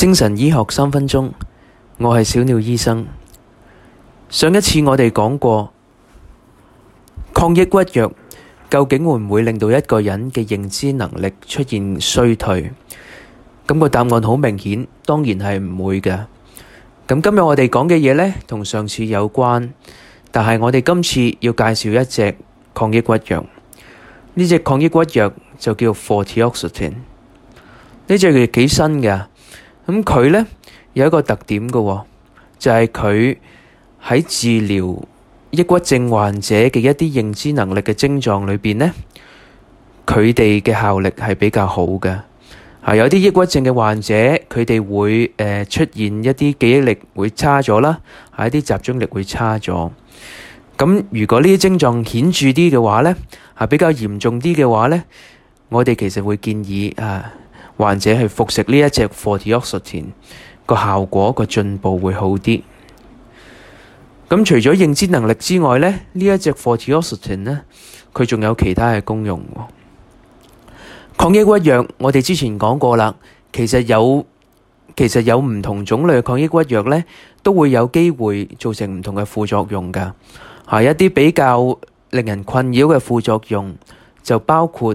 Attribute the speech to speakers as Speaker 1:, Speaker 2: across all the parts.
Speaker 1: 精神醫學三分鐘，我係小鳥醫生。上一次我哋講過抗抑鬱藥究竟會唔會令到一個人嘅認知能力出現衰退？咁個答案好明顯，當然係唔會㗎。咁今日我哋講嘅嘢呢，同上次有關，但係我哋今次要介紹一隻抗抑鬱藥。呢隻抗抑鬱藥就叫 Vortioxetine。呢隻嘢幾新㗎。咁佢咧，有一個特點嘅，就係佢喺治療抑鬱症患者嘅一啲認知能力嘅症狀裏邊咧，佢哋嘅效力係比較好嘅。啊，有啲抑鬱症嘅患者，佢哋會誒出現一啲記憶力會差咗啦，係一啲集中力會差咗。咁如果呢啲症狀顯著啲嘅話咧，啊比較嚴重啲嘅話咧，我哋其實會建議啊。患者去服食呢一隻 vortioxetine 個效果個進步會好啲。咁除咗認知能力之外咧，呢一隻 vortioxetine 咧，佢仲有其他嘅功用。抗抑鬱藥我哋之前講過啦，其實有其實有唔同種類嘅抗抑鬱藥咧，都會有機會造成唔同嘅副作用㗎。吓一啲比較令人困擾嘅副作用就包括。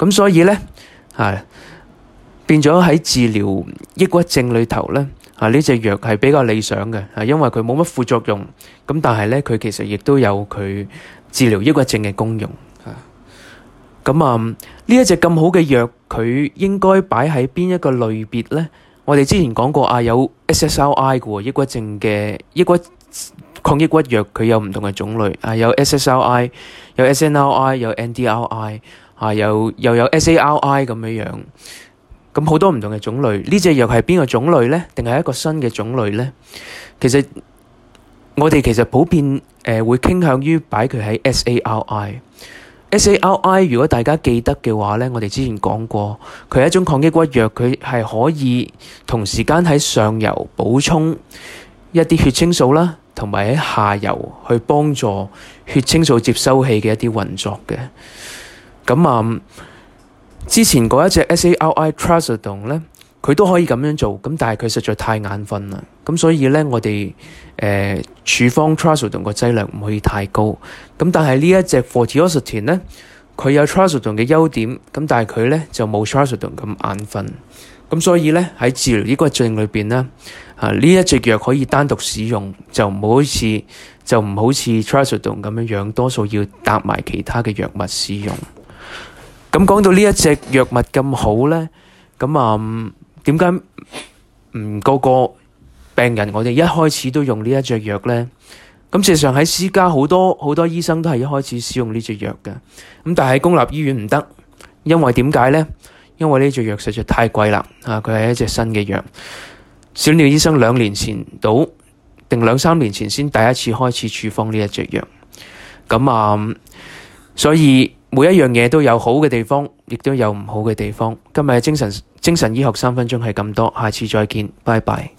Speaker 1: 咁所以呢，係變咗喺治療抑鬱症裏頭呢，啊呢隻藥係比較理想嘅，啊因為佢冇乜副作用。咁但係呢，佢其實亦都有佢治療抑鬱症嘅功用。嚇咁啊，呢一隻咁好嘅藥，佢應該擺喺邊一個類別呢？我哋之前講過啊，有 SSRI 嘅喎，抑鬱症嘅抑鬱抗抑鬱藥佢有唔同嘅種類啊，有 SSRI，有 SNRI，有 NDRI。啊！又又有 S.A.R.I. 咁樣，咁好多唔同嘅種類。呢隻藥係邊個種類呢？定係一個新嘅種類呢？其實我哋其實普遍誒、呃、會傾向於擺佢喺 S.A.R.I. S.A.R.I. 如果大家記得嘅話咧，我哋之前講過佢係一種抗抑鬱藥，佢係可以同時間喺上游補充一啲血清素啦，同埋喺下游去幫助血清素接收器嘅一啲運作嘅。咁啊、嗯，之前嗰一隻 S.A.R.I. trazodone 咧，佢都可以咁樣做，咁但係佢實在太眼瞓啦。咁所以呢，我哋誒處方 trazodone 個劑量唔可以太高。咁但係呢一隻 vortioxetine 呢，佢有 trazodone 嘅優點，咁但係佢呢，就冇 trazodone 咁眼瞓。咁所以呢，喺治療呢個症裏邊呢，啊呢一隻藥可以單獨使用，就唔好似就唔好似 trazodone 咁樣樣，多數要搭埋其他嘅藥物使用。咁講到呢一隻藥物咁好呢？咁啊，點解唔個個病人我哋一開始都用呢一隻藥呢？咁事實上喺私家好多好多醫生都係一開始使用呢隻藥嘅，咁但係喺公立醫院唔得，因為點解呢？因為呢隻藥實在太貴啦，啊，佢係一隻新嘅藥，小鳥醫生兩年前到定兩三年前先第一次開始處方呢一隻藥，咁啊，所以。每一樣嘢都有好嘅地方，亦都有唔好嘅地方。今日精神精神醫學三分鐘係咁多，下次再見，拜拜。